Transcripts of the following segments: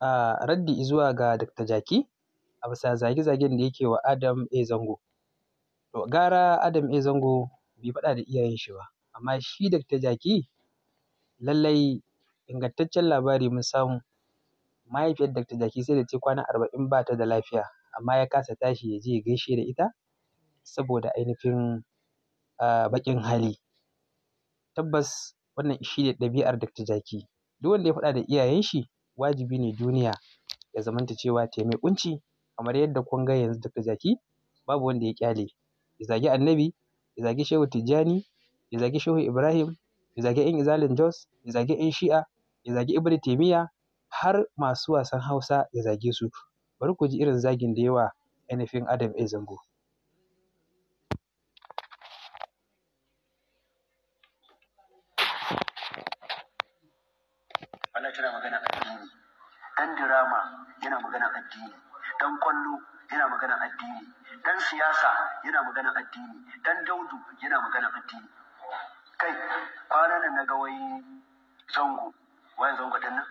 a raddi zuwa ga Dr. Jaki a bisa zage-zagen da yake wa Adam A. Zango. To gara Adam A. Zango bai faɗa da iyayen shi ba, amma shi Dr. Jaki lallai ingantaccen labari mun samu mahaifiyar Dr. Jaki sai da ce kwana arba'in ba ta da lafiya amma ya kasa tashi ya je ya gaishe da ita saboda ainihin baƙin hali. Tabbas wannan shi ne ɗabi'ar Dr. Jaki. Duk wanda ya faɗa da iyayen shi wajibi ne duniya ya zamanta cewa ta mai ƙunci kamar yadda kun ga yanzu daga jaki babu wanda ya kyale. ya zagi annabi ya zagi shehu tijjani ya zagi shehu ibrahim ya zagi yan izalin jos ya zagi yan shi'a ya zagi ibn taimiya har masu wasan hausa ya zage su bari ku ji irin zagin da yawa ainihin adam ya zango dan kwallo yana magana addini dan siyasa yana magana addini dan daudu yana magana addini kai kwanan nan na ga wai zango wai zango din nan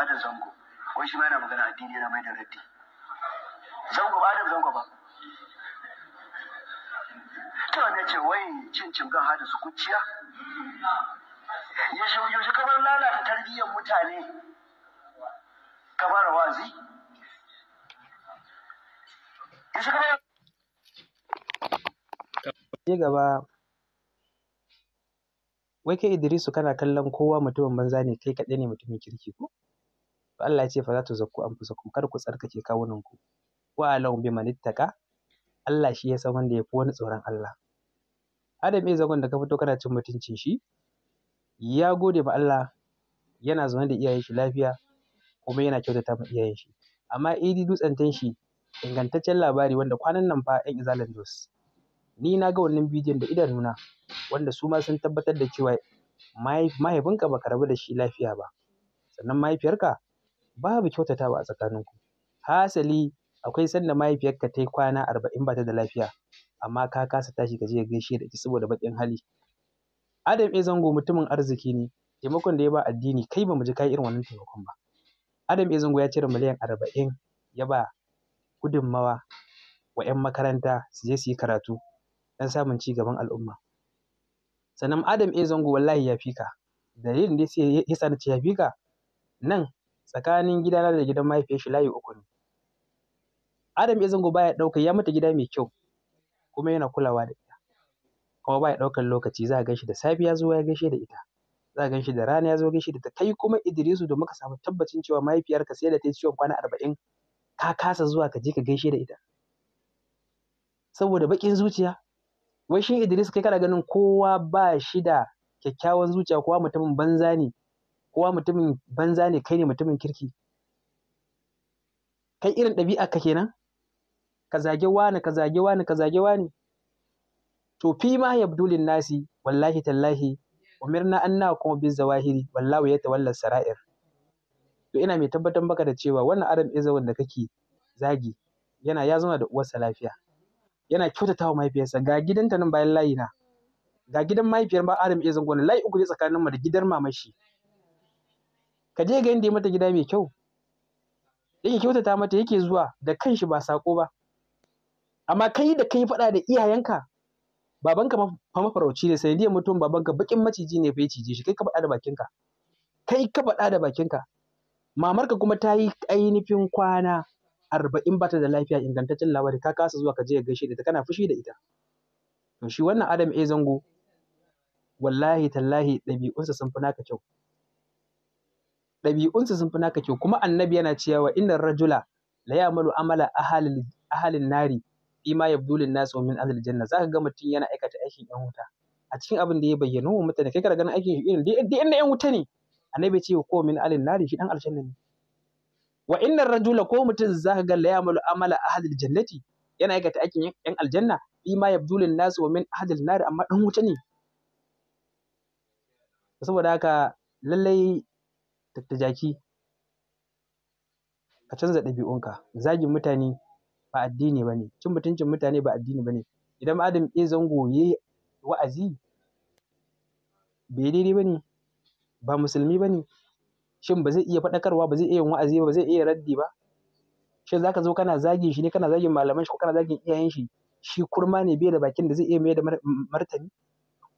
adam zango wai shi ma yana magana addini yana mai da raddi zango ba adam zango ba to ne ce wai cin cin ga hada su kuciya yaushe kamar lalata tarbiyyar mutane kamar wazi Je gaba. Wai kai Idrisu kana kallon kowa mutumin banza ne kai kaɗai ne mutumin kirki ko? To Allah ya ce fa za ta zakku an fusa ku kar ku tsarkake kawuninku, ku. Wa alahu bi manittaka Allah shi ya san wanda ya fi wani tsoron Allah. Adam ya zagon da ka fito kana cin mutuncin shi ya gode ma Allah yana zaune da iyayen shi lafiya kuma yana kyautata ma iyayen shi. Amma idi dutsen tanshi ingantaccen labari wanda kwanan nan fa 'yan izalan Jos. Ni na ga wannan bidiyon da nuna, wanda su ma sun tabbatar da cewa mahaifinka baka rabu da shi lafiya ba. Sannan mahaifiyarka babu kyautatawa a tsakaninku. Hasali akwai sanda mahaifiyarka ta yi kwana arba'in ba ta da lafiya amma ka kasa tashi ka je gaishe da ita saboda baƙin hali. Adam e Zango mutumin arziki ne taimakon da ya ba addini kai ba mu ji ka irin wannan taimakon ba. Adam A. Zango ya cire miliyan arba'in ya ba gudunmawa wa 'yan makaranta su je su yi karatu don samun ci gaban al'umma. Sannan Adam A. Zango wallahi ya fi ka. Dalilin da ya sa na ce ya fi ka nan tsakanin gidana da gidan mahaifiyar shi layi uku ne. Adam A. Zango baya ɗaukar ya mata gida mai kyau kuma yana kulawa da ita. Kuma baya ɗaukar lokaci za a gan shi da safe ya ya gaishe da ita. Za a gan shi da rana ya zo gaishe da ita. Kai kuma Idrisu da muka samu tabbacin cewa mahaifiyarka sai da ta yi ciwon kwana arba'in ka kasa zuwa ka je ka gaishe da ita saboda baƙin zuciya wai shi Idris kai kana ganin kowa ba shi da kyakkyawan zuciya kowa mutumin banza ne kowa mutumin banza ne kai ne mutumin kirki kai irin ɗabi'a ka kenan ka zage wani ka zage wani ka zage wani to fi ma yabdulin nasi wallahi tallahi umirna anna kuma wallahi ya tawallar sara'ir to ina mai tabbatar maka da cewa wannan Adam izawan da kake zagi yana ya zauna da uwarsa lafiya yana kyautatawa mahaifiyarsa ga gidanta nan bayan layi na ga gidan mahaifiyar ba Adam izan gona layi uku ne tsakanin mu da gidan mamashi ka je ga inda ya mata gida mai kyau yake kyautata mata yake zuwa da kanshi ba sako ba amma kai da kai faɗa da iyayenka babanka fa mafarauci ne sanadiyar mutum babanka bakin maciji ne fa ya cije shi kai ka faɗa da bakinka kai ka faɗa da bakinka mamarka kuma ta yi ainihin kwana arba'in ba ta da lafiya ingantaccen labari ka kasa zuwa ka je ka gaishe da ita kana fushi da ita to shi wannan Adam A Zango wallahi tallahi ɗabi'unsa sun fi naka kyau ɗabi'unsa sun fi naka kyau kuma annabi yana cewa inna rajula la ya'malu amala ahalin nari bima yabdulin nas wa min ahlil janna zaka ga mutum yana aikata aikin yan wuta a cikin abin da ya bayyana wa mutane kai kana ganin aikin shi irin duk inda yan wuta ne annabi ce ko min alin nari shi dan aljanna ne wa innar rajula ko mutum zaka ga la ya'malu amala ahadil jannati yana ta aikin yan aljanna bi ma yabdulun nasu wa min ahadil nari amma dan wuta ne saboda haka lallai tattajaki ka canza ɗabi'unka zagin mutane ba addini ba ne cin mutuncin mutane ba addini ba ne idan adam ya zango ya wa'azi bai daidai ba ne ba musulmi ba ne shin ba zai iya faɗakarwa ba zai iya yin wa'azi ba zai iya raddi ba shin zaka zo kana zagin shi ne kana zagin malaman shi ko kana zagin iyayen shi shi kurma ne bai da bakin da zai iya mai da martani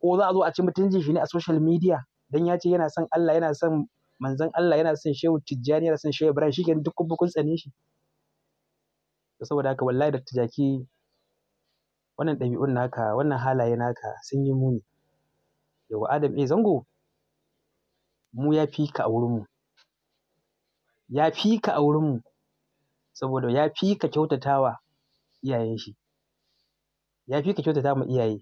ko za a zo a ci mutuncin shi ne a social media dan ya ce yana son Allah yana son manzon Allah yana son Shehu Tijjani yana son Shehu Ibrahim shikenan duk kun tsane shi saboda haka wallahi da tijaki wannan ɗabi'un naka wannan halaye naka sun yi muni yawa Adam e zango mu ya fi ka a wurinmu. Ya fi ka a wurinmu saboda ya fi ka wa iyayen shi. Ya fi ka kyautata ma iyaye.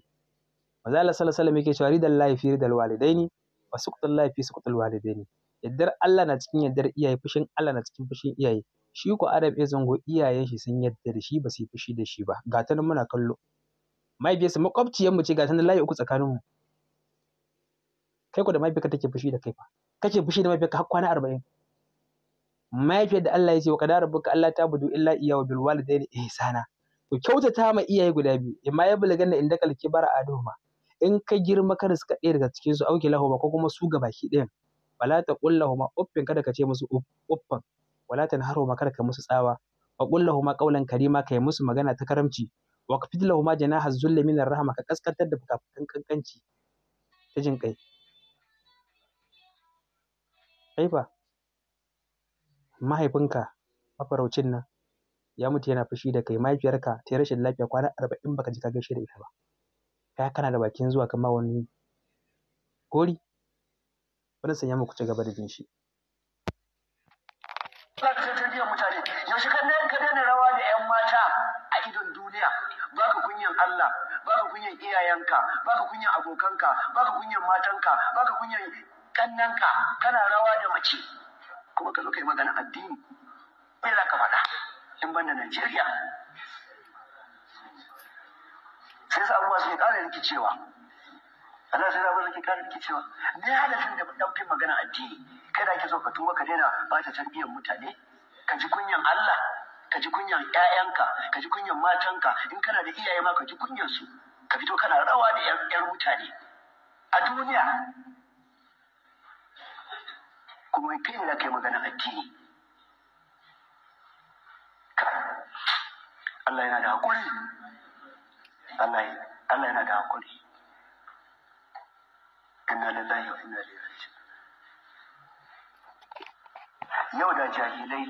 Maza Allah Sallallahu Alaihi Wasallam yake cewa ridallahi fi ridal walidaini wa lahi fi sukhtal walidaini. Yaddar Allah na cikin yaddar iyaye, fushin Allah na cikin fushin iyaye. Shi ko Adam ya Zango iyayen shi sun yarda da shi ba su yi fushi da shi ba. Ga ta nan muna kallo. Mahaifiyarsa maƙwabciyarmu ce ga ta nan layi uku tsakaninmu. kai ko da mahaifiyarka take fushi da kai fa kake fushi da mahaifiyarka har kwana arba'in mahaifiyar da Allah ya ce wa kadar rabbuka Allah ta budu illa iya wa bil walidaini ihsana ku kyautata ma iyaye guda biyu imma ya bulaganna inda kalki bara aduhuma in ka girma ka riska ɗaya daga cikin su auki lahuma ko kuma su ga baki ɗayan wala ta kullahuma uffin kada ka ce musu uffan wala ta naharuma kada ka musu tsawa wa huma qawlan karima kai musu magana ta karamci wa kafid lahuma janaha zulli minar rahma ka kaskantar da fukafukan kankanci ta jin kai Kaifa, mahaifinka mafaraucin nan ya mutu yana fushi da kai mahaifiyarka ta yi rashin lafiya kwana arba'in baka ji ka gaishe da ita ba. Kai kana da bakin zuwa kama wani gori? Bari sanya muku ci gaba da jin shi. Ba ka mutane, yaushe kan nan ka daina rawa da 'yan mata a idon duniya, ba ka kunyan Allah, ba ka kunyan iyayenka, ba ka kunyan abokanka, ba ka kunyan matanka, ba ka kunyan kannanka kana rawa da mace kuma ka zo ka yi magana addini me za ka faɗa in banda Najeriya sai sa abubuwa suke ƙara rikicewa Allah sai abubuwa suke ƙara rikicewa ne halafin da ɗan fi magana addini kada ki zo ka tuba ka daina ba ta tarbiyyar mutane ka ji kunyan Allah ka ji kunyan ƴaƴanka ka ji kunyan matanka in kana da iyaye ma ka ji kunyan su ka fito kana rawa da ƴan mutane a duniya kuma kai ne kai ka yi magana addini Allah yana da haƙuri Allah yana da hakuri inna lillahi wa inna ilaihi raji'un yau da jahilai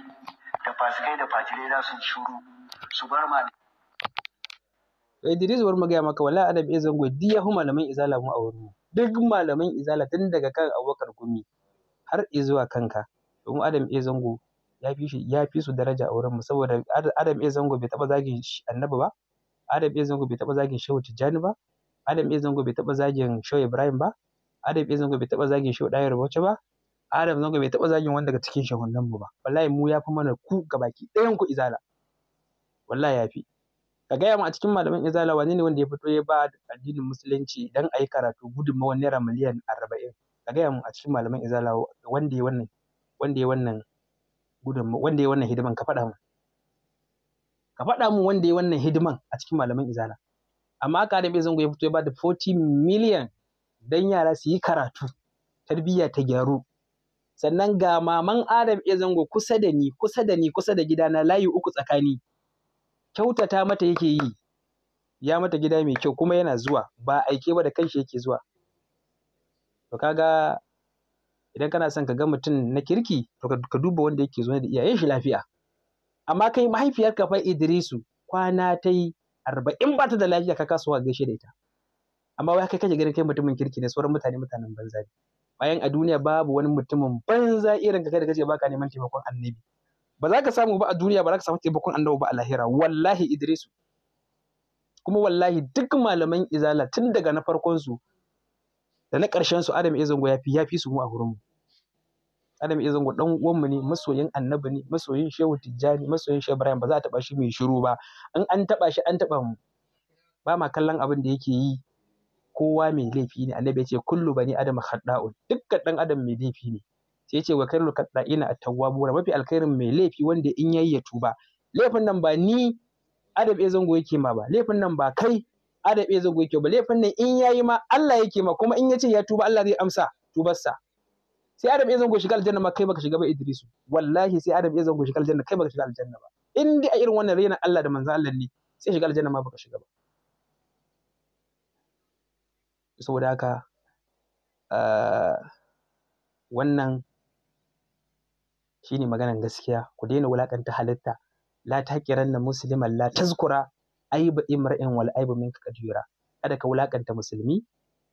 da fasikai da fajirai za su shuru su bar ma eh, Idris war magaya maka wala adabi zango diya hu malaman izala mu a wurin duk malaman izala tun daga kan abokar Gumi har izuwa kanka. Domin Adam e Zango ya fi shi, ya fi su daraja a wurin mu. saboda Adam e Zango bai taɓa zagin Annabi ba. Adam e Zango bai taɓa zagin Shehu Tijjani ba. Adam e Zango bai taɓa zagin Shehu Ibrahim ba. Adam e Zango bai taɓa zagin Shehu Ɗayar Bauchi ba. Adam Zango bai taɓa zagin wanda daga cikin mu ba. Wallahi mu ya fi mana ku gabaki ɗayan ku izala. Wallahi ya fi. Ka gaya mu a cikin malaman izala wane ne wanda ya fito ya ba addinin musulunci dan a yi karatu gudunmawar naira miliyan arba'in. ka gaya mun a cikin malaman izala wanda ya wannan wanda ya wannan gudun wanda ya wannan hidiman ka faɗa min. ka faɗa wanda ya wannan hidiman a cikin malaman izala amma ka da bai zango ya fito ya bada 40 million dan yara su yi karatu tarbiyya ta gyaru sannan ga maman Adam ya zango kusa da ni kusa da ni kusa da gidana layi uku tsakani kyautata mata yake yi ya mata gida mai kyau kuma yana zuwa ba aike ba da kanshi yake zuwa to kaga idan kana son ka ga mutum na kirki to ka duba wanda yake zaune da iyayen shi lafiya amma kai mahaifiyarka fa Idrisu kwana ta yi arba'in ba ta da lafiya ka kasuwa gaishe da ita amma wai kai kake ganin kai mutumin kirki ne sauran mutane mutanen banza ne bayan a duniya babu wani mutumin banza irin ka kai da kace baka neman taimakon annabi ba za ka samu ba a duniya ba za ka samu taimakon annabi ba a lahira wallahi Idrisu kuma wallahi duk malaman izala tun daga na farkon su da na ƙarshen su Adam Ezango ya fi ya fi su mu a gurin mu Adam Ezango dan uwan mu ne masoyin Annabi ne masoyin Shehu Tijjani masoyin Shehu Ibrahim ba za a taba shi mai shiru ba in an taba shi an taba mu ba ma kallon abin da yake yi kowa mai laifi ne Annabi ya ce kullu bani Adam khata'un dukkan dan Adam mai laifi ne sai ya ce wa kairul khata'ina at-tawwabuna mafi alkhairin mai laifi wanda in yayyatu ba. tuba laifin nan ba ni Adam Ezango yake ma ba laifin nan ba kai adabe zago kyau ba laifin nan in yayi ma Allah yake ma kuma in yace ya tuba Allah zai amsa sa sai adam ya zango shiga aljanna ma kai baka shiga ba Idrisu wallahi sai adam ya zango shiga aljanna kai baka shiga aljanna ba in dai a irin wannan raina Allah da manzo Allah ne sai shiga aljanna ma baka shiga ba saboda haka ah, wannan shine maganan gaskiya ku daina wulakanta halitta la taqiranna musliman la tazkura aiba imra'in wal aibu ka kadira kada ka wulakanta musulmi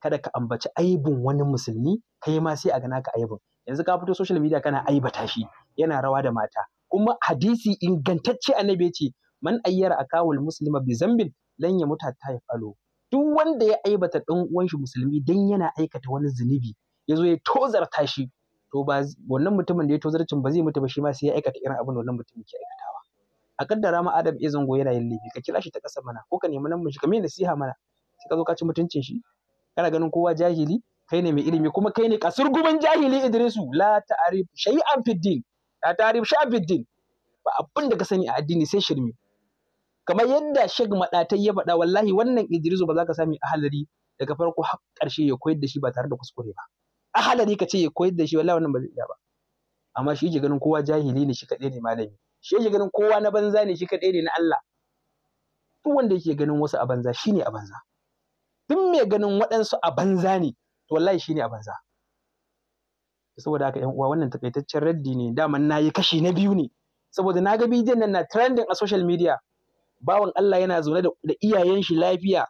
kada ka ambaci aibun wani musulmi kai ma sai a gana ka aibun yanzu ka fito social media kana aibata shi yana rawa da mata kuma hadisi ingantacce annabi ce man ayyara akawul muslima bi zambin lan ya muta ta yafalo duk wanda ya aibata dan uwan shi musulmi dan yana aikata wani zunubi yazo ya tozarta shi to ba wannan mutumin da ya tozarcin ba zai mutu ba shi ma sai ya aikata irin abin da wannan mutumin ke aikatawa a kaddara ma Adam ya zango yana yin laifi ka kira shi ta ƙasa mana ko ka nemi nan shi ka mai nasiha mana sai ka zo ka ci mutuncin shi kana ganin kowa jahili kai ne mai ilimi kuma kai ne kasurgumin jahili Idrisu la ta'rif shay'an fid din la ta'rif shay'an ba abin da ka sani a addini sai shirme kamar yadda Sheikh Madatai ya faɗa wallahi wannan Idrisu ba za ka sami ahalari daga farko har ƙarshe ya koyar da shi ba tare da kuskure ba ahalari ka ce ya koyar da shi wallahi wannan ba zai iya ba amma shi ke ganin kowa jahili ne shi kaɗai ne malami shi yake ganin kowa na banza ne shi kaɗai ne na Allah duk wanda yake ganin wasu a banza shine a banza duk mai ganin waɗansu a banza ne to wallahi shine a banza saboda haka yan uwa wannan takaitaccen raddi ne daman nayi kashi na biyu ne saboda na ga bidiyon nan na trending a social media bawan Allah yana zaune da iyayen shi lafiya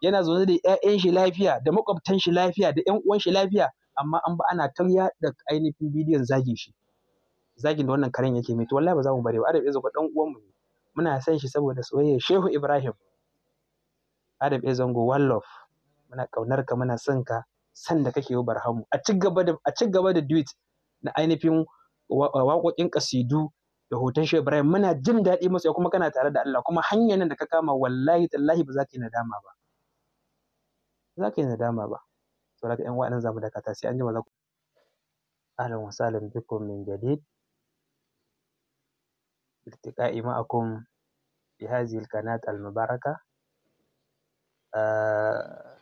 yana zaune da ƴaƴan shi lafiya da makwabtan shi lafiya da ƴan uwan shi lafiya amma an ba ana tarya da ainihin bidiyon zagin shi zagin da wannan karen yake mai to wallahi ba za mu bare ba adam ga dan uwan mu muna san shi saboda soyayya shehu ibrahim adam go one love muna kaunar ka muna son ka san da kake yi barhamu a ci gaba da a ci gaba da duit na ainihin waƙoƙin kasidu da hoton shehu ibrahim muna jin daɗi masa kuma kana tare da Allah kuma hanyar nan da ka kama wallahi tallahi ba za ka yi nadama ba za ka yi nadama ba saboda ka yan wa'annan zamu dakata sai an ba za ku ahlan wa sahlan bikum min jadid التقائي معكم في هذه القناة المباركة آه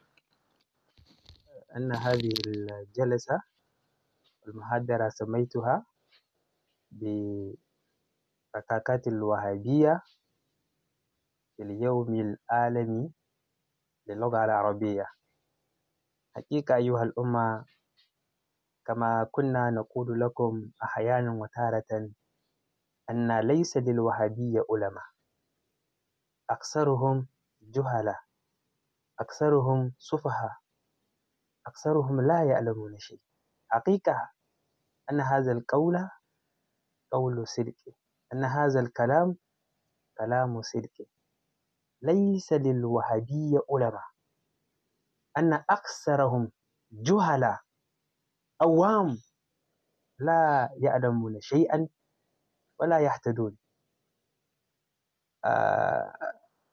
أن هذه الجلسة المحاضرة سميتها بركاكات الوهابية في اليوم العالمي للغة العربية حقيقة أيها الأمة كما كنا نقول لكم أحيانا وتارة أن ليس للوهابية علماء أكثرهم جهلة أكثرهم سفهاء أكثرهم لا يعلمون شيء حقيقة أن هذا القول قول سلك أن هذا الكلام كلام سلك ليس للوهابية علماء أن أكثرهم جهلة أوام لا يعلمون شيئا ولا يحتدون آه،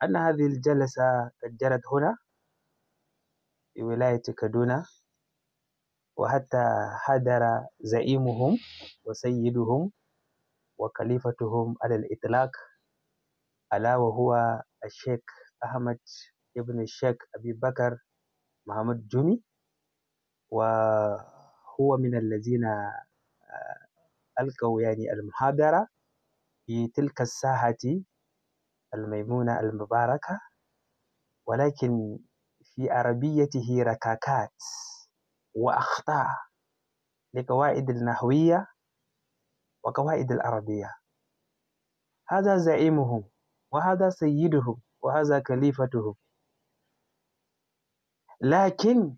أن هذه الجلسة قد جرت هنا في ولاية كادونا وحتى حضر زعيمهم وسيدهم وخليفتهم على الإطلاق ألا وهو الشيخ أحمد ابن الشيخ أبي بكر محمد جومي وهو من الذين آه، ألقوا يعني المحاضرة في تلك الساحة الميمونة المباركة ولكن في عربيته ركاكات وأخطاء لقواعد النحوية وقواعد العربية هذا زعيمهم وهذا سيدهم وهذا كليفتهم لكن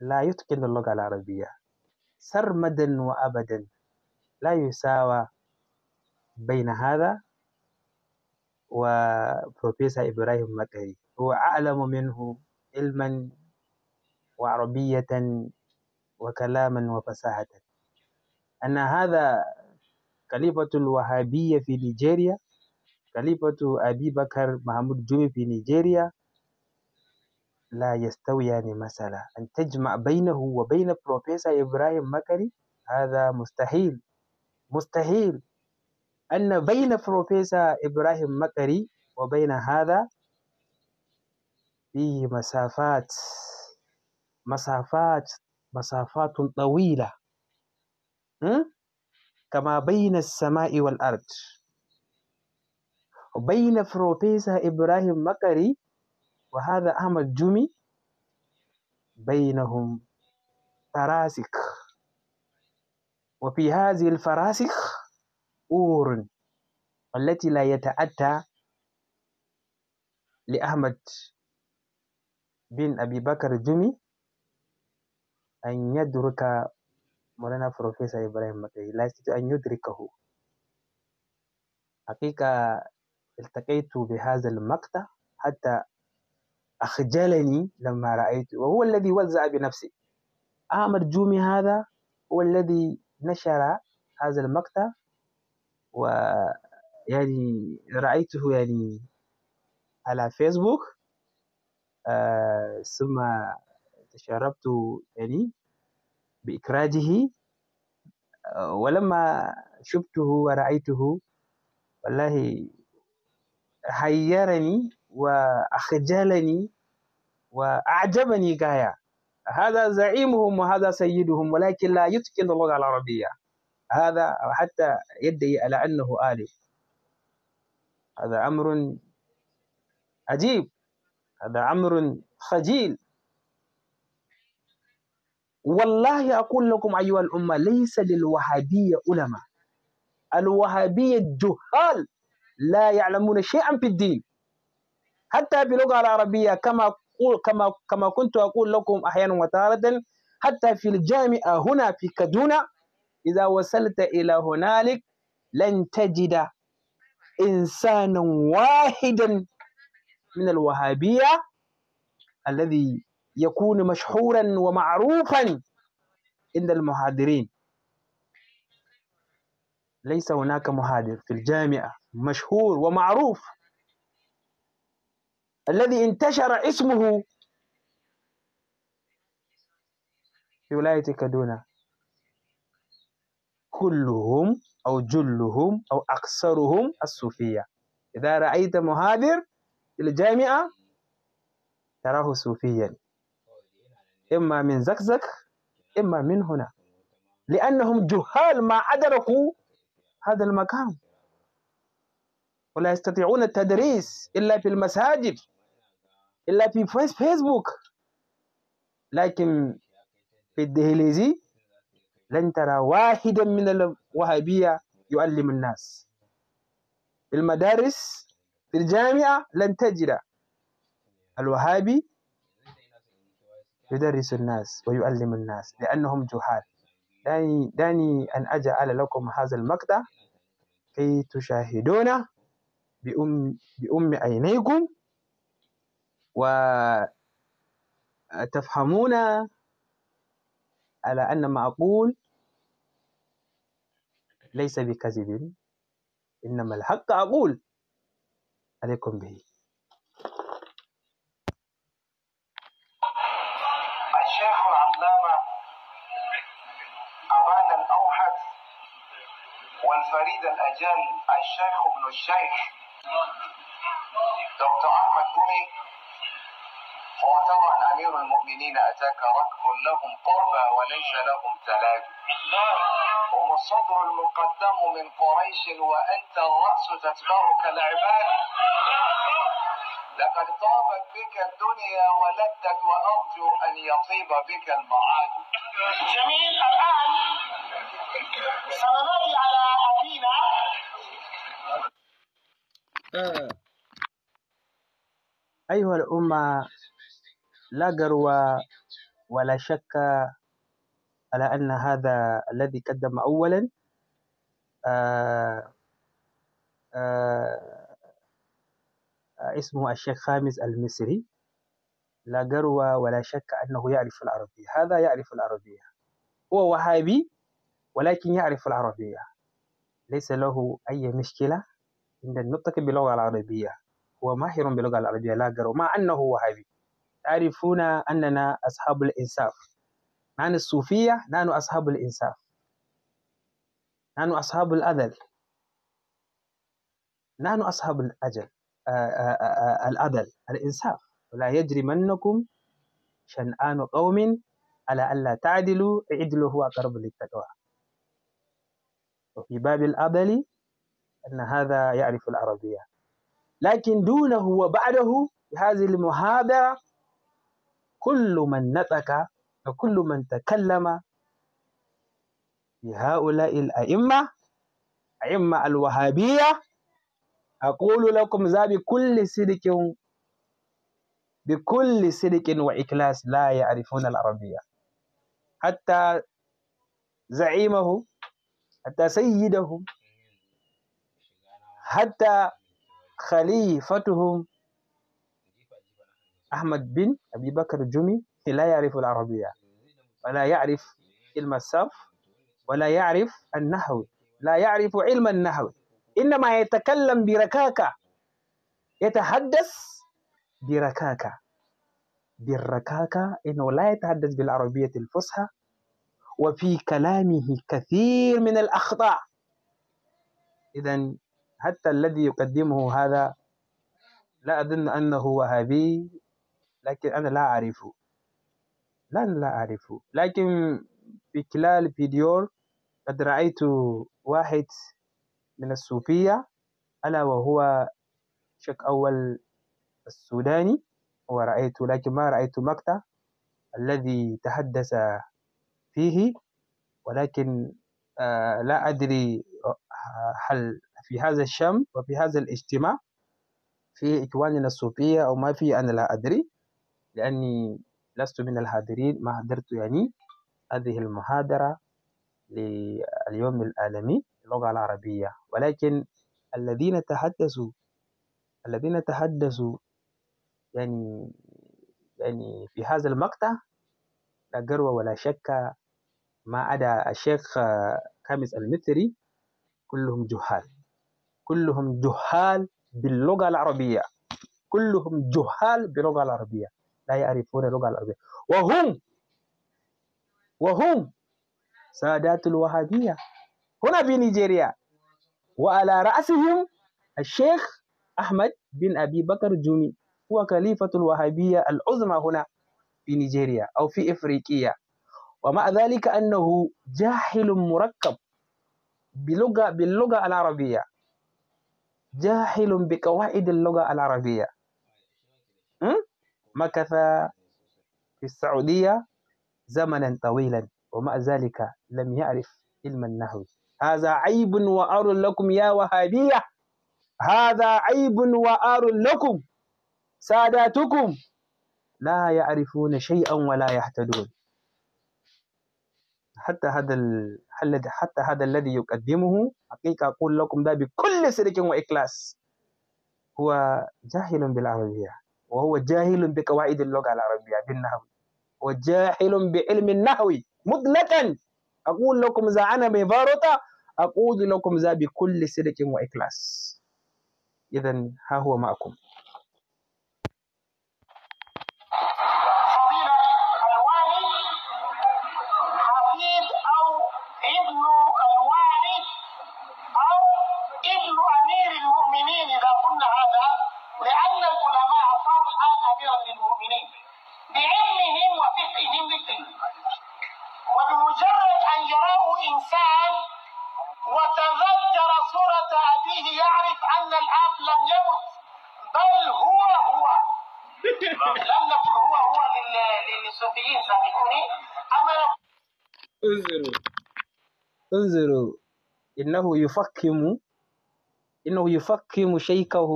لا يتقن اللغة العربية سرمدا وأبدا لا يساوى بين هذا وبروفيسور إبراهيم مكري هو أعلم منه علما وعربية وكلاما وفصاحة أن هذا خليفة الوهابية في نيجيريا خليفة أبي بكر محمود جومي في نيجيريا لا يستويان مثلا أن تجمع بينه وبين بروفيسور إبراهيم مكري هذا مستحيل مستحيل أن بين بروفيسور إبراهيم مكري وبين هذا في مسافات مسافات مسافات طويلة كما بين السماء والأرض وبين بروفيسور إبراهيم مكري وهذا أحمد جمي بينهم فراسك وفي هذه الفراسخ مسؤول والتي لا يتأتى لأحمد بن أبي بكر جمي أن يدرك مولانا بروفيسور إبراهيم مكي لا يستطيع أن يدركه حقيقة التقيت بهذا المقطع حتى أخجلني لما رأيت وهو الذي وزع بنفسه أحمد جومي هذا هو الذي نشر هذا المقطع ويعني رأيته يعني على فيسبوك آه ثم تشربت يعني بإكراده آه، ولما شفته ورأيته والله حيرني وأخجلني وأعجبني غاية هذا زعيمهم وهذا سيدهم ولكن لا يتقن اللغة العربية هذا أو حتى يدعي على أنه آلي هذا أمر عجيب هذا أمر خجيل والله أقول لكم أيها الأمة ليس للوهابية علماء الوهابية جهال لا يعلمون شيئا في الدين حتى باللغة العربية كما كما كما كنت أقول لكم أحيانا وتارة حتى في الجامعة هنا في كادونا إذا وصلت إلى هنالك لن تجد إنسانا واحدا من الوهابية الذي يكون مشهورا ومعروفا عند المحاضرين ليس هناك مهاجر في الجامعة مشهور ومعروف الذي انتشر اسمه في ولاية كادونا كلهم أو جلهم أو أكثرهم الصوفية إذا رأيت مهاجر الجامعة تراه صوفيا إما من زكزك إما من هنا لأنهم جهال ما أدركوا هذا المكان ولا يستطيعون التدريس إلا في المساجد إلا في فيسبوك لكن في الدهليزي لن ترى واحدا من الوهابية يعلم الناس في المدارس في الجامعة لن تجد الوهابي يدرس الناس ويعلم الناس لأنهم جهال دعني, دعني أن أجعل لكم هذا المقطع كي تشاهدونه بأم, بأم عينيكم وتفهمون على أن ما أقول ليس بكذب إنما الحق أقول عليكم به الشيخ العلامة أبان الأوحد والفريد الأجل الشيخ ابن الشيخ دكتور أحمد بني وطبعا امير المؤمنين اتاك ركب لهم قربى وليس لهم تلاج هم الصدر المقدم من قريش وانت الراس تتبعك العباد لقد طابت بك الدنيا ولدت وارجو ان يطيب بك المعاد جميل الان سنمضي على ابينا ايها الامه لا قروى ولا شك على أن هذا الذي قدم أولا آآ آه، آآ آه، اسمه الشيخ خامس المصري لا قروى ولا شك أنه يعرف العربية هذا يعرف العربية هو وهابي ولكن يعرف العربية ليس له أي مشكلة عند النطق باللغة العربية هو ماهر باللغة العربية لا قروى مع أنه وهابي تعرفون أننا أصحاب الإنصاف نحن الصوفية نحن أصحاب الإنصاف نحن أصحاب الأذل نحن أصحاب الأجل آه، آه، آه، الأذل الإنصاف ولا يجرمنكم شنآن قوم على ألا تعدلوا عدلوا هو أقرب للتقوى وفي باب الأذل أن هذا يعرف العربية لكن دونه وبعده هذه المحاضرة Kulluman natsaka da kullu man takallama bi ha'ula'il a'imma a'imma al-wahabiyya aqulu lakum za bi kulli sidqin wa iklas la ya'rifuna al-arabiyya hatta za'imahu hatta sayyidahu hatta khalifatuhum أحمد بن أبي بكر الجمي لا يعرف العربية ولا يعرف علم الصرف ولا يعرف النحو لا يعرف علم النحو إنما يتكلم بركاكة يتحدث بركاكة بالركاكة إنه لا يتحدث بالعربية الفصحى وفي كلامه كثير من الأخطاء إذا حتى الذي يقدمه هذا لا أظن أنه وهابي لكن أنا لا أعرفه لا لا أعرفه لكن في خلال فيديو قد رأيت واحد من الصوفية ألا وهو شك أول السوداني ورأيت لكن ما رأيت مقطع الذي تحدث فيه ولكن آه، لا أدري آه، هل في هذا الشام وفي هذا الاجتماع في إخواننا الصوفية أو ما في أنا لا أدري لأني لست من الحاضرين ما حضرت يعني هذه المحاضرة لليوم العالمي للغة العربية ولكن الذين تحدثوا الذين تحدثوا يعني يعني في هذا المقطع لا قروة ولا شك ما عدا الشيخ خامس المثري كلهم جهال كلهم جهال باللغة العربية كلهم جهال باللغة العربية لا يعرفون اللغة العربية وهم وهم سادات الوهابية هنا في نيجيريا وعلى رأسهم الشيخ أحمد بن أبي بكر جومي هو خليفة الوهابية العظمى هنا في نيجيريا أو في إفريقيا ومع ذلك أنه جاهل مركب بلغة باللغة العربية جاهل بقواعد اللغة العربية مكث في السعودية زمنا طويلا ومع ذلك لم يعرف علم النحو هذا عيب وأر لكم يا وهابية هذا عيب وأر لكم ساداتكم لا يعرفون شيئا ولا يهتدون حتى هذا الذي حتى هذا الذي يقدمه حقيقة أقول لكم ده بكل صدق وإخلاص هو جاهل بالعربية wa huwa jahilun bi qawaidil lugha al-arabiyya bin nahwi wa jahilun bi ilmi nahwi mutlaqan aqul za ana mai barota aqulu lakum za bi kulli sidqin wa idan ha huwa ma'akum انظروا إنه يفكم إنه يفكم شيكه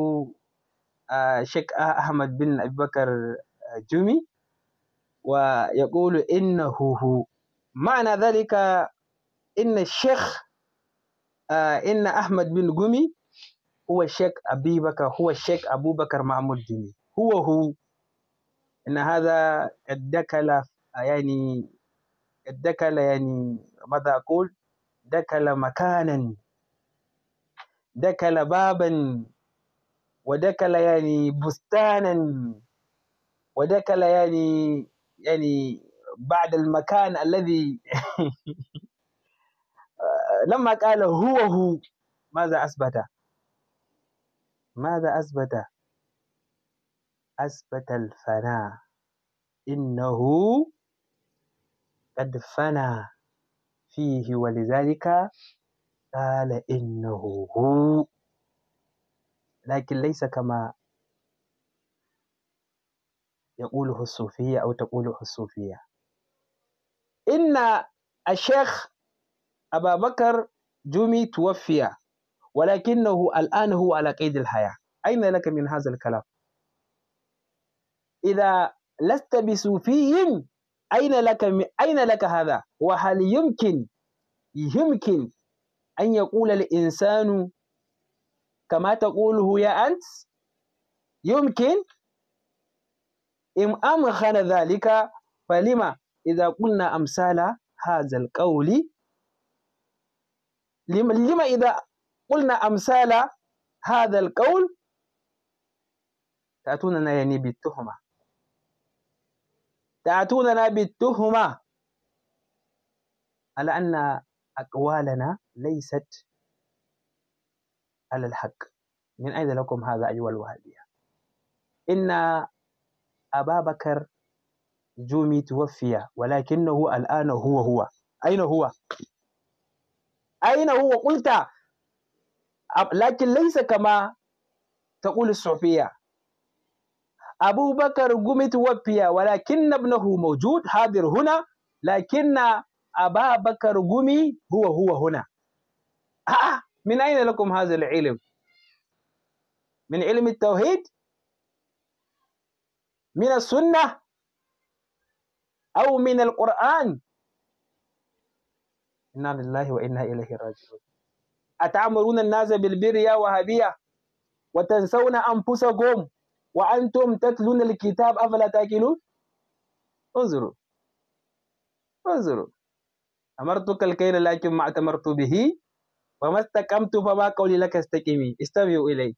آه، شيخ أحمد بن أبي بكر آه، جمي ويقول إنه هو معنى ذلك إن الشيخ آه، إن أحمد بن جمي هو الشيخ أبي بكر هو الشيخ أبو بكر محمود جمي هو هو إن هذا ادكل يعني ادكل يعني ماذا أقول دكل مكانا دكل بابا ودكل يعني بستانا ودكل يعني يعني بعد المكان الذي لما قال هو هو ماذا أثبت ماذا أثبت أثبت الفناء إنه قد فنى فيه ولذلك قال إنه هو لكن ليس كما يقوله الصوفية أو تقوله الصوفية إن الشيخ أبا بكر جومي توفي ولكنه الآن هو على قيد الحياة أين لك من هذا الكلام إذا لست بصوفي أين لك أين لك هذا وهل يمكن يمكن أن يقول الإنسان كما تقوله يا أنت يمكن إن أمخن ذلك فلما إذا قلنا أمثال هذا القول لما إذا قلنا أمثال هذا القول تأتوننا يعني بالتهمة تأتوننا بالتهمة على أن أقوالنا ليست على الحق من أين لكم هذا أيها الوهابية إن أبا بكر جومي توفي ولكنه الآن هو هو أين هو أين هو قلت لكن ليس كما تقول الصوفية أبو بكر قم توفي ولكن ابنه موجود حاضر هنا لكن أبا بكر قمي هو هو هنا آه من أين لكم هذا العلم؟ من علم التوحيد؟ من السنة؟ أو من القرآن؟ إنا لله وإنا إليه راجعون أتعمرون الناس بالبرية وهبية وتنسون أنفسكم وأنتم تتلون الكتاب أفلا تأكلون انظروا انظروا أمرتك الكيل لكن ما اتمرت به وما استكمت فما قولي لك استقيمي استمعوا إلي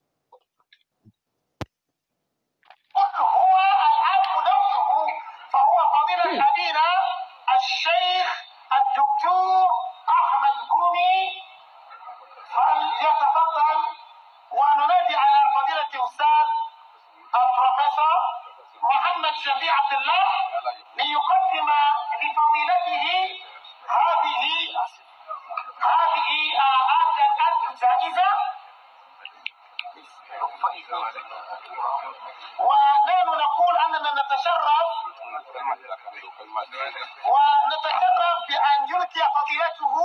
محمد شفيعة الله ليقدم لفضيلته هذه هذه هذه آه، الجائزة ونحن نقول أننا نتشرف ونتشرف بأن يلقي فضيلته أن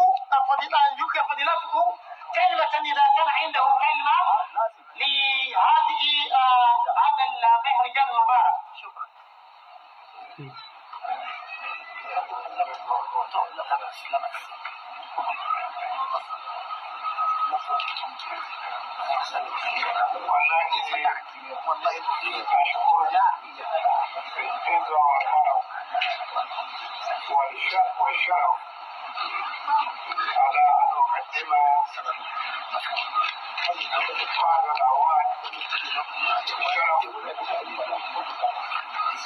يلقي فضيلته كلمة إذا كان عنده كلمة لهذه آه، هذا المهرجان المبارك شكرا والله والشرف والشرف على أن أقدم بعض الأوقات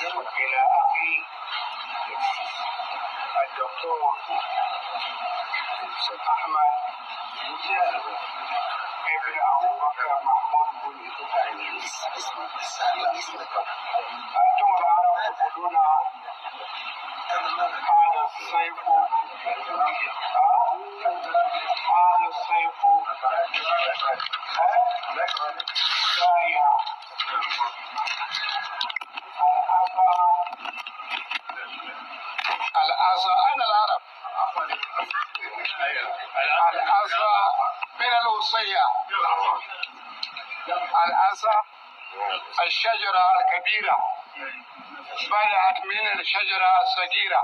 شرف إلى أخي الدكتور أحمد ابن أبو بكر محمود بن أنتم العرب تقولون هذا السيف السيف العرب؟ من الوصية الشجرة الكبيرة بدأت من الشجرة الصغيرة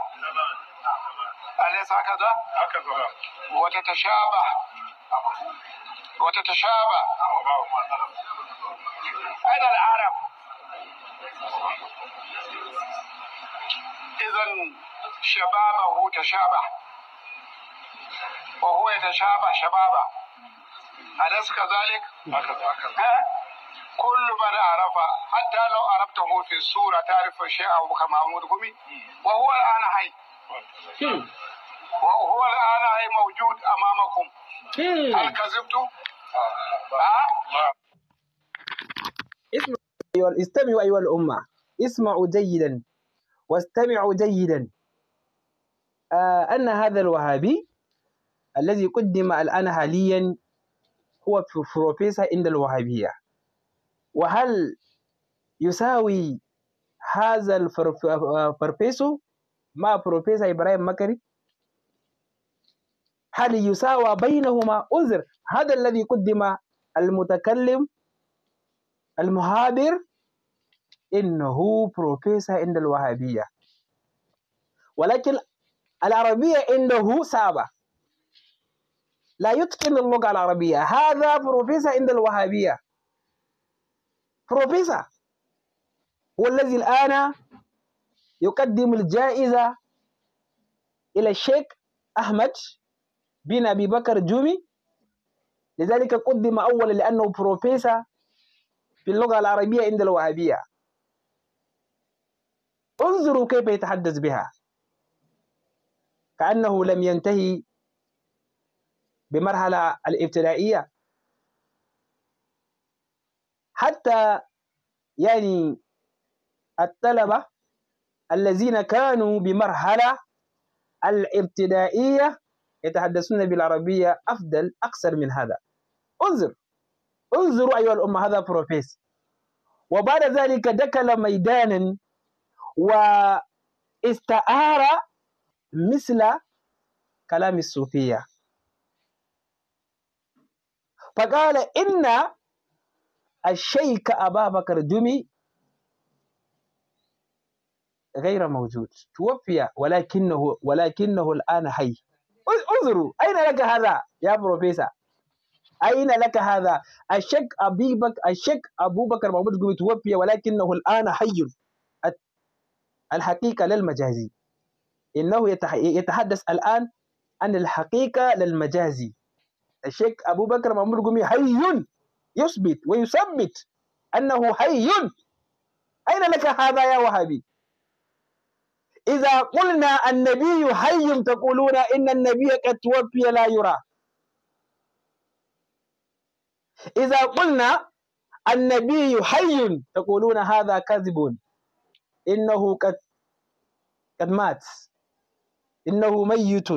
أليس هكذا؟ هكذا وتتشابه وتتشابه أين العرب؟ إذا شبابه تشابه وهو يتشابه شبابه أليس كذلك؟ هكذا هكذا كل من عرف حتى لو عرفته في الصورة تعرف الشيء أبو محمود قمي وهو الآن حي وهو الآن موجود أمامكم إيه. هل كذبتم؟ آه. اسمعوا استمعوا أيها الأمة اسمعوا جيدا واستمعوا جيدا آه أن هذا الوهابي الذي قدم الآن حاليا هو بروفيسور عند الوهابية وهل يساوي هذا البروفيسور آه، آه، مع بروفيسور إبراهيم مكري هل يساوى بينهما أزر هذا الذي قدم المتكلم المهابر إنه بروفيسور عند الوهابية ولكن العربية عنده صعبة لا يتقن اللغة العربية هذا بروفيسور عند الوهابية بروفيسور هو الذي الآن يقدم الجائزة إلى الشيخ أحمد بن أبي بكر جومي لذلك قدم أولا لأنه بروفيسور في اللغة العربية عند الوهابية انظروا كيف يتحدث بها كأنه لم ينتهي بمرحلة الابتدائية حتى يعني الطلبة الذين كانوا بمرحلة الابتدائية يتحدثون بالعربية أفضل أكثر من هذا انظر انظروا أيها الأمة هذا بروفيس وبعد ذلك دخل ميدانا واستعار مثل كلام الصوفية فقال إن الشيك أبا بكر دمي غير موجود توفي ولكنه ولكنه الآن حي انظروا أين لك هذا يا بروفيسور أين لك هذا الشك أبي بك الشك أبو بكر محمود قوي توفي ولكنه الآن حي الحقيقة للمجازي إنه يتحدث الآن عن الحقيقة للمجازي الشيخ أبو بكر محمود قمي حي يثبت ويثبت أنه حي أين لك هذا يا وهابي إذا قلنا النبي حي تقولون إن النبي قد توفي لا يرى إذا قلنا النبي حي تقولون هذا كذب إنه قد قد مات إنه ميت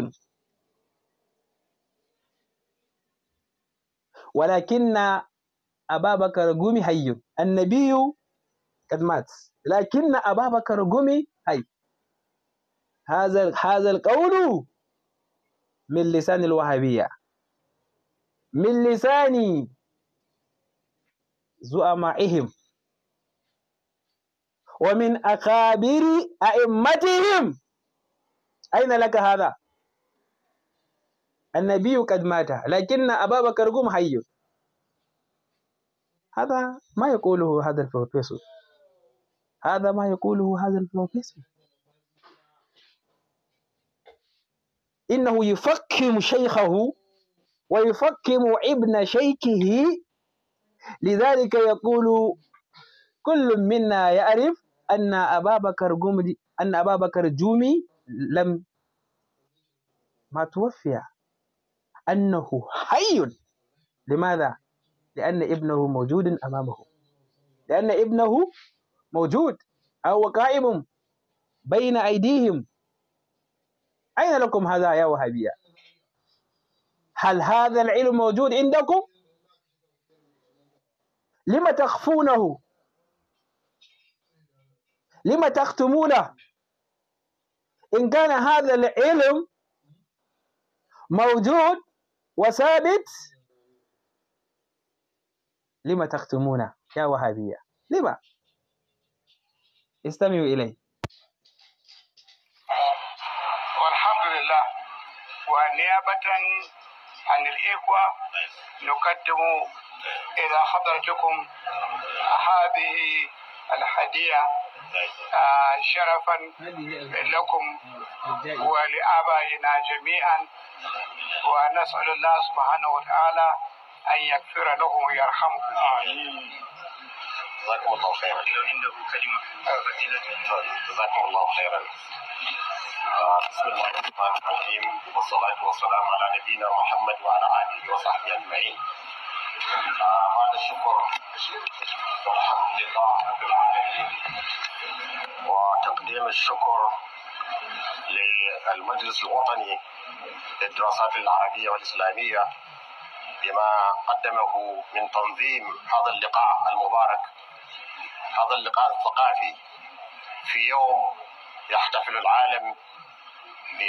ولكن أبا بكر قومي حي النبي قد مات لكن أبا بكر قومي حي هذا هذا القول من لسان الوهابية من لسان زعمائهم ومن أكابر أئمتهم أين لك هذا؟ النبي قد مات لكن أبا بكر قم حي هذا ما يقوله هذا البروفيسور هذا ما يقوله هذا البروفيسور innahu yufakkimu shaykhahu wa yufakkimu ibna shaykhihi ya yaqulu kullum minna ya'rif anna ababakar gumri anna ababakar jumi lam ma tuwaffiya annahu hayyun limadha لأن ابنه موجود أمامه لأن ابنه موجود أو قائم بين أيديهم أين لكم هذا يا هل هذا العلم موجود عندكم لم تخفونه لم تختمونه إن كان هذا العلم موجود وثابت لم تختمونه يا وهابية لما استمعوا إليه نيابة عن الإخوة نقدم إلى حضرتكم هذه الحدية شرفا لكم ولآبائنا جميعا ونسأل الله سبحانه وتعالى أن يغفر لهم ويرحمهم آمين جزاكم الله خيرا لو عنده كلمة فضيلة جزاكم الله خيرا بسم الله الرحمن الرحيم والصلاة والسلام على نبينا محمد وعلى آله وصحبه أجمعين. بعد الشكر والحمد لله رب العالمين وتقديم الشكر للمجلس الوطني للدراسات العربية والإسلامية بما قدمه من تنظيم هذا اللقاء المبارك هذا اللقاء الثقافي في يوم يحتفل العالم ب...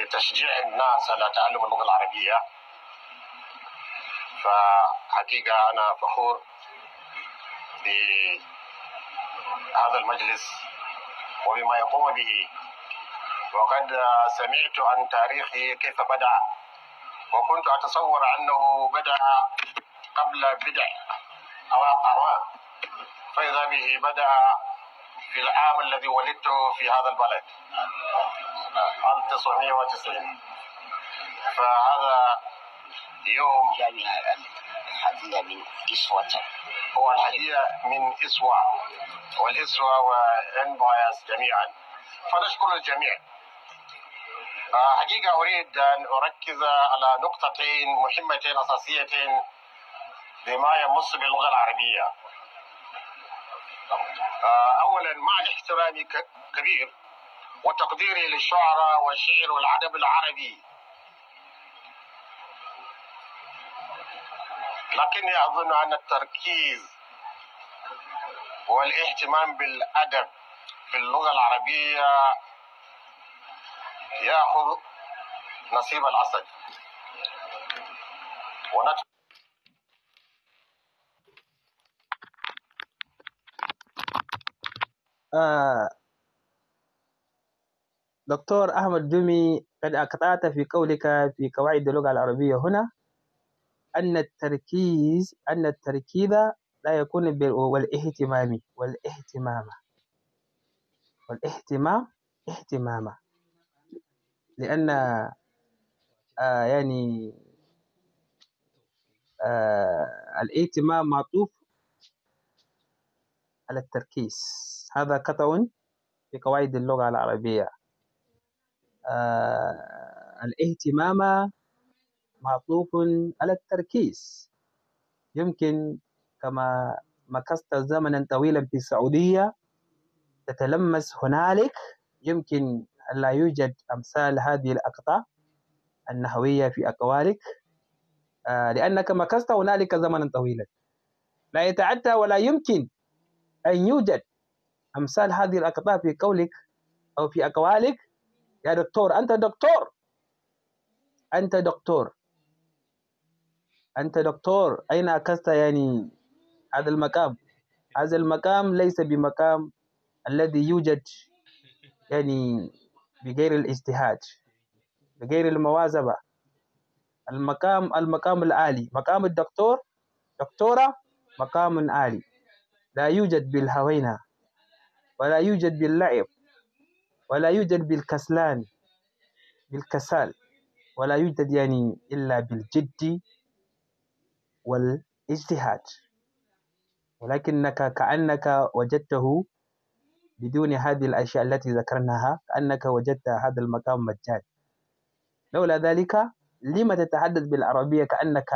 بتشجيع الناس على تعلم اللغة العربية فحقيقة أنا فخور بهذا المجلس وبما يقوم به وقد سمعت عن تاريخه كيف بدأ وكنت أتصور أنه بدأ قبل بدع أو أعوام فإذا به بدأ في العام الذي ولدته في هذا البلد 1990 فهذا يوم الحديث يعني من إسوة هو الحديث من إسوة والإسوة وإنبايس جميعا فنشكر الجميع آه، حقيقة أريد أن أركز على نقطتين مهمتين أساسيتين بما يمس باللغة العربية آه، اولا مع احترامي كبير وتقديري للشعراء والشعر والعدب العربي لكني اظن ان التركيز والاهتمام بالادب في اللغه العربيه ياخذ نصيب العسل ونترك آه، دكتور أحمد دمي قد أقطعت في قولك في قواعد اللغة العربية هنا أن التركيز أن التركيز لا يكون والاهتمام والاهتمام والاهتمام اهتماما لأن آه يعني آه الاهتمام معطوف على التركيز هذا قطع في قواعد اللغة العربية آه الاهتمام معطوف على التركيز يمكن كما مكثت زمنا طويلا في السعودية تتلمس هنالك يمكن لا يوجد أمثال هذه الأقطاع النحوية في أقوالك آه لأنك مكثت هنالك زمنا طويلا لا يتعدى ولا يمكن أن يوجد أمثال هذه الأقطاع في قولك أو في أقوالك يا دكتور أنت دكتور أنت دكتور أنت دكتور أين أكست يعني هذا المقام هذا المقام ليس بمقام الذي يوجد يعني بغير الاجتهاد بغير المواظبة المقام المقام العالي مقام الدكتور دكتورة مقام عالي لا يوجد بالهوينة ولا يوجد باللعب ولا يوجد بالكسلان بالكسال ولا يوجد يعني إلا بالجد والاجتهاد ولكنك كأنك وجدته بدون هذه الأشياء التي ذكرناها كأنك وجدت هذا المقام مجان لولا ذلك لما تتحدث بالعربية كأنك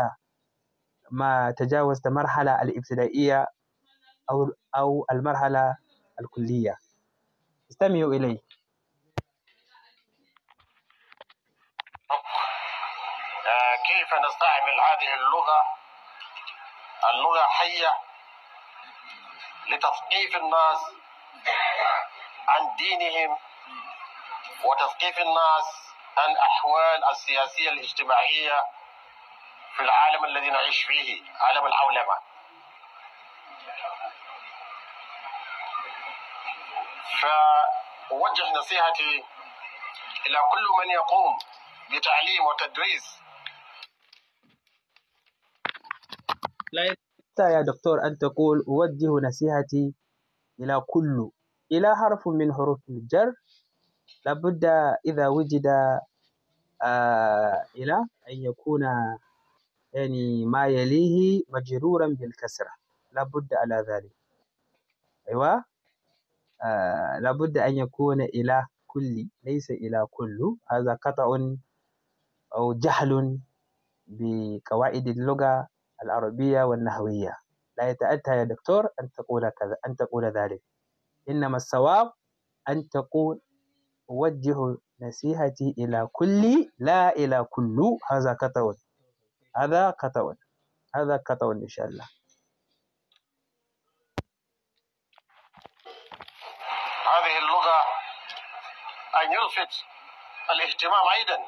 ما تجاوزت مرحلة الابتدائية أو أو المرحلة الكلية استمعوا إلي كيف نستعمل هذه اللغة اللغة حية لتثقيف الناس عن دينهم وتثقيف الناس عن الأحوال السياسية الاجتماعية في العالم الذي نعيش فيه عالم العولمه فأوجه نصيحتي إلى كل من يقوم بتعليم وتدريس لا يا دكتور أن تقول أوجه نصيحتي إلى كل إلى حرف من حروف الجر لابد إذا وجد آه إلى أن يكون يعني ما يليه مجرورا بالكسرة لابد على ذلك أيوة آه، لابد أن يكون إله كلي ليس إله كل هذا قطع أو جهل بقواعد اللغة العربية والنحوية لا يتأتى يا دكتور أن تقول كذا أن تقول ذلك إنما الصواب أن تقول أوجه نصيحتي إلى كل لا إلى كل هذا قطع هذا قطع هذا قطع إن شاء الله أضيفت الاهتمام أيضا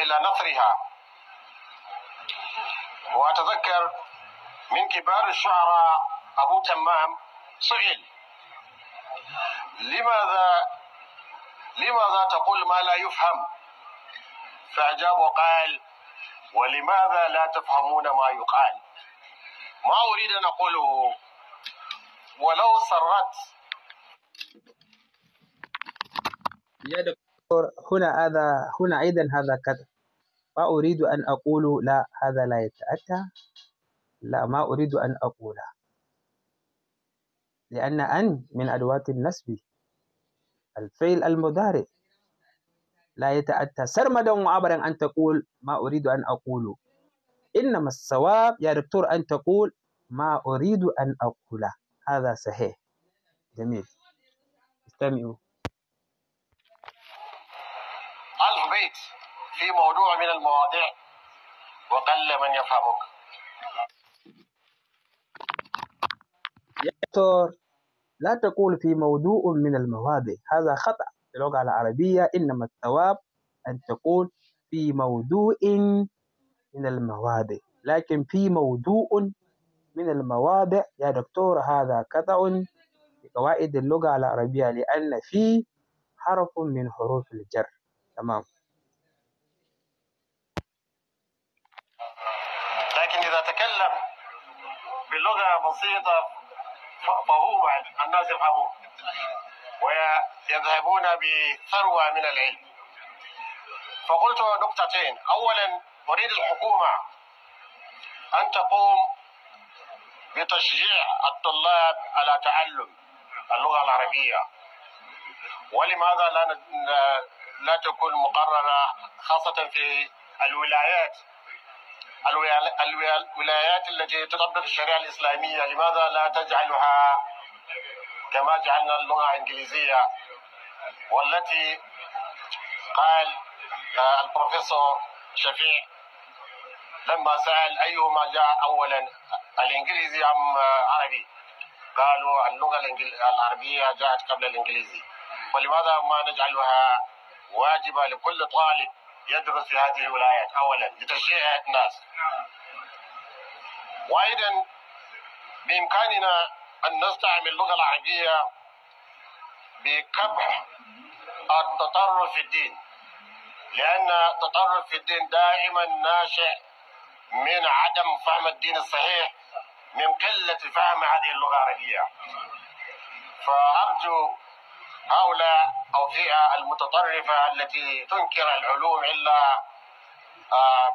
إلى نثرها وأتذكر من كبار الشعراء أبو تمام سئل لماذا لماذا تقول ما لا يفهم فأجاب وقال ولماذا لا تفهمون ما يقال ما أريد أن أقوله ولو سرت يا دكتور هنا هذا هنا أيضا هذا كذا ما اريد أن أقول لا هذا لا يتأتى لا ما أريد أن أقوله لأن أن من أدوات النسب الفعل المضارع لا يتأتى سرمدا وعبرا أن تقول ما أريد أن اقول إنما الصواب يا دكتور أن تقول ما أريد أن اقول هذا صحيح جميل استمعوا الكويت في موضوع من المواضيع وقل من يفهمك يا دكتور لا تقول في موضوع من المواضيع هذا خطأ في اللغة العربية إنما الثواب أن تقول في موضوع من المواضيع لكن في موضوع من المواضع يا دكتور هذا قطع قواعد اللغة العربية لأن في حرف من حروف الجر تمام بسيطة مفهومة الناس يفهمون ويذهبون بثروة من العلم فقلت نقطتين أولا أريد الحكومة أن تقوم بتشجيع الطلاب على تعلم اللغة العربية ولماذا لا لا تكون مقررة خاصة في الولايات الولايات التي تطبق الشريعة الإسلامية لماذا لا تجعلها كما جعلنا اللغة الإنجليزية والتي قال آه، البروفيسور شفيع لما سأل أيهما جاء أولا الإنجليزي أم آه، عربي قالوا اللغة العربية جاءت قبل الإنجليزي فلماذا ما نجعلها واجبة لكل طالب يدرس في هذه الولايات اولا لتشجيع الناس وايضا بامكاننا ان نستعمل اللغه العربيه بكبح التطرف في الدين لان التطرف في الدين دائما ناشئ من عدم فهم الدين الصحيح من قله فهم هذه اللغه العربيه فارجو هؤلاء أو فئة المتطرفة التي تنكر العلوم إلا آه،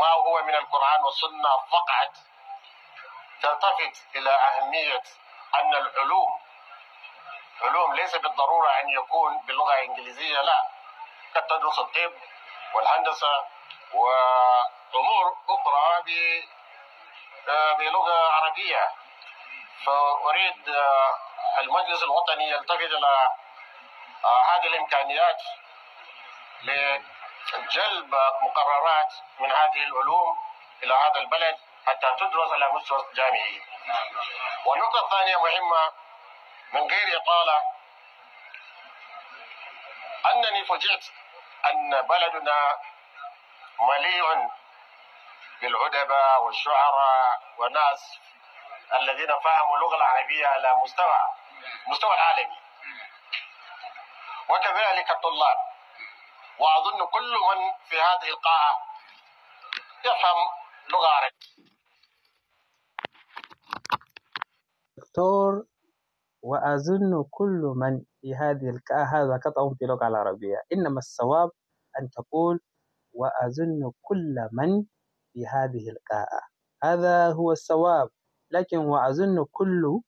ما هو من القرآن والسنة فقط تلتفت إلى أهمية أن العلوم علوم ليس بالضرورة أن يكون باللغة الإنجليزية لا قد تدرس الطب والهندسة وأمور أخرى آه، بلغة عربية فأريد آه، المجلس الوطني يلتفت الى آه، هذه الامكانيات لجلب مقررات من هذه العلوم الى هذا البلد حتى تدرس على مستوى جامعي. والنقطه الثانيه مهمه من غير اطاله انني فوجئت ان بلدنا مليء بالعدباء والشعراء والناس الذين فهموا اللغه العربيه على مستوى المستوى العالمي وكذلك الطلاب واظن كل من في هذه القاعه يفهم لغه عربيه دكتور وأظن كل من في هذه القاعة هذا قطع في اللغة العربية إنما الصواب أن تقول وأظن كل من في هذه القاعة هذا هو الصواب لكن وأظن كل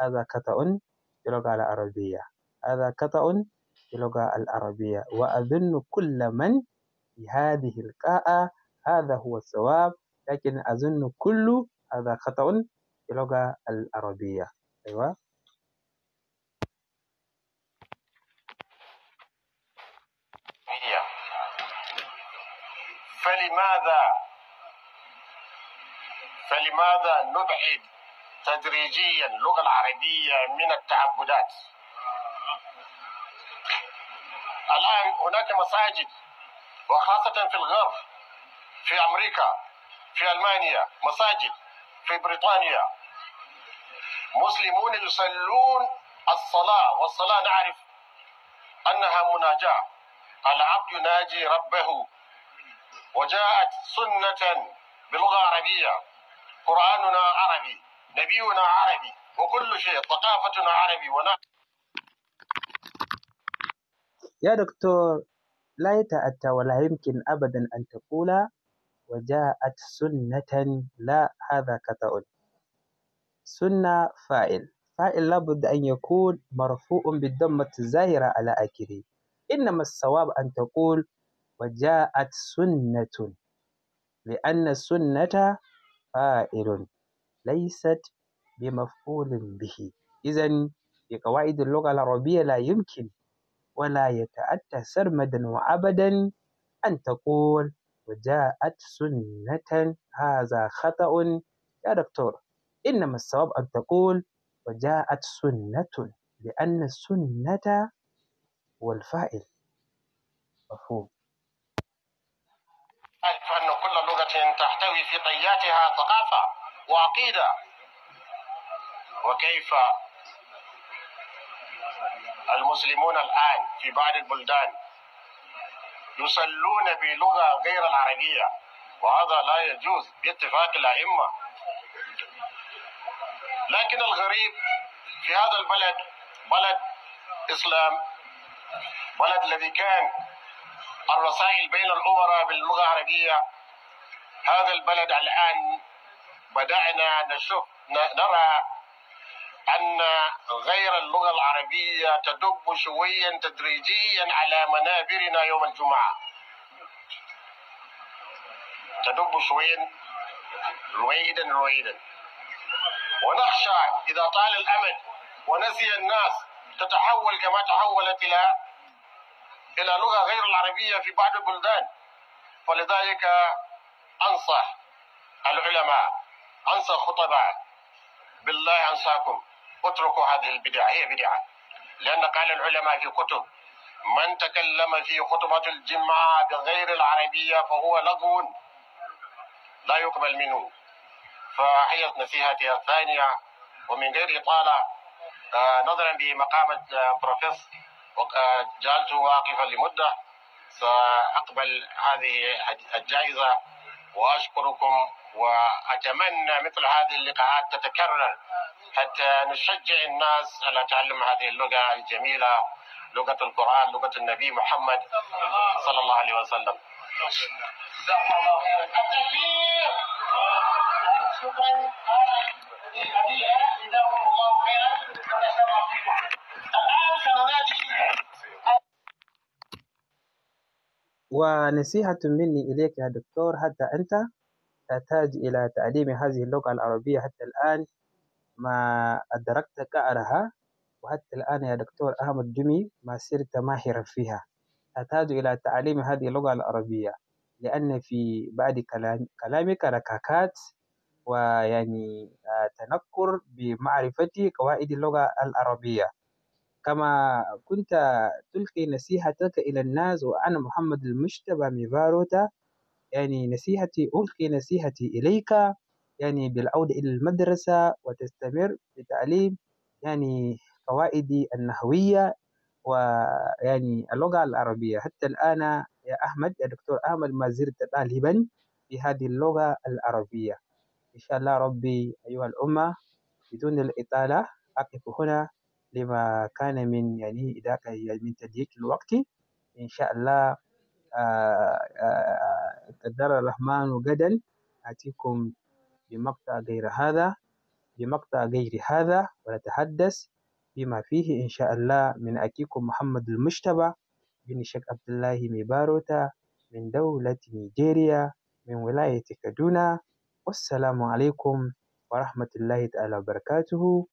هذا خطأ بلغة العربية هذا خطأ بلغة العربية وأظن كل من في هذه القاعة هذا هو الصواب لكن أظن كل هذا خطأ بلغة العربية أيوة فلماذا فلماذا نبعد تدريجيا اللغة العربية من التعبدات الآن هناك مساجد وخاصة في الغرب في أمريكا في ألمانيا مساجد في بريطانيا مسلمون يصلون الصلاة والصلاة نعرف أنها مناجاة العبد يناجي ربه وجاءت سنة بلغة عربية قرآننا عربي نبينا عربي وكل شيء ثقافتنا عربي ونا يا دكتور لا يتأتى ولا يمكن أبدا أن تقول وجاءت سنة لا هذا خطأ سنة فاعل فاعل لابد أن يكون مرفوع بالضمة الزاهرة على آخره إنما الصواب أن تقول وجاءت سنة لأن السنة فاعل ليست بمفعول به إذا في قواعد اللغة العربية لا يمكن ولا يتأتى سرمدا وأبدا أن تقول وجاءت سنة هذا خطأ يا دكتور إنما الصواب أن تقول وجاءت سنة لأن السنة هو الفاعل مفهوم أن كل لغة تحتوي في طياتها ثقافة وعقيدة وكيف المسلمون الآن في بعض البلدان يصلون بلغة غير العربية وهذا لا يجوز باتفاق الأئمة لكن الغريب في هذا البلد بلد إسلام بلد الذي كان الرسائل بين الأمراء باللغة العربية هذا البلد الآن بدأنا نشوف نرى أن غير اللغة العربية تدب شويا تدريجيا على منابرنا يوم الجمعة تدب شويا رويدا رويدا ونخشى إذا طال الأمد ونسي الناس تتحول كما تحولت إلى إلى لغة غير العربية في بعض البلدان فلذلك أنصح العلماء انسى خطباء بالله انساكم اتركوا هذه البدع هي بدعه لان قال العلماء في كتب من تكلم في خطبه الجمعه بغير العربيه فهو لغو لا يقبل منه فحيث نصيحتي الثانيه ومن غير اطاله آه، نظرا بمقامه آه، بروفيس جعلت واقفا لمده ساقبل هذه الجائزه واشكركم واتمنى مثل هذه اللقاءات تتكرر حتى نشجع الناس على تعلم هذه اللغه الجميله لغه القران لغه النبي محمد صلى الله عليه وسلم جزاكم الله شكرا جزاكم الله خيرا الان سننادي ونصيحة مني إليك يا دكتور حتى أنت تحتاج إلى تعليم هذه اللغة العربية حتى الآن ما أدركت قعرها وحتى الآن يا دكتور أحمد جمي ما صرت ماهرا فيها تحتاج إلى تعليم هذه اللغة العربية لأن في بعد كلام كلامك ركاكات ويعني آه، تنكر بمعرفة قواعد اللغة العربية كما كنت تلقي نصيحتك إلى الناس وأنا محمد المشتبه مباروتا يعني نصيحتي ألقي نصيحتي إليك يعني بالعودة إلى المدرسة وتستمر بتعليم يعني قواعدي النحوية ويعني اللغة العربية حتى الآن يا أحمد يا دكتور أحمد ما زلت طالبا في هذه اللغة العربية إن شاء الله ربي أيها الأمة بدون الإطالة أقف هنا لما كان من يعني إذا كان يعني من تضييق الوقت إن شاء الله آآ آه، آآ آه، آه، قدر الرحمن غدا آتيكم بمقطع غير هذا بمقطع غير هذا ونتحدث بما فيه إن شاء الله من اتيكم محمد المجتبى بن شك عبد الله مباروتا من دولة نيجيريا من ولاية كادونا والسلام عليكم ورحمة الله تعالى وبركاته